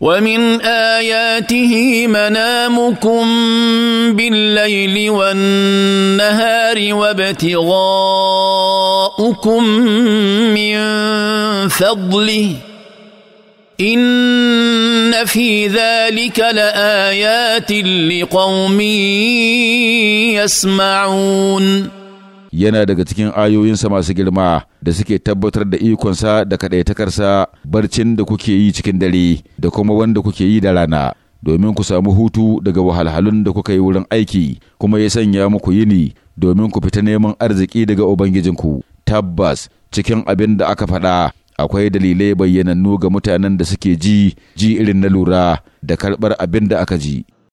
ومن اياته منامكم بالليل والنهار وابتغاؤكم من فضله ان في ذلك لايات لقوم يسمعون yana daga cikin ayoyinsa masu girma da suke tabbatar da ikonsa da kaɗaitakarsa barcin da kuke yi cikin dare da kuma wanda kuke yi da rana domin ku samu hutu daga wahalhalun da kuka yi wurin aiki kuma ya sanya muku yini domin ku fita neman arziki daga ubangijinku tabbas cikin abin da aka faɗa akwai dalilai bayyanannu ga mutanen da suke ji ji irin na lura da karɓar abin da aka ji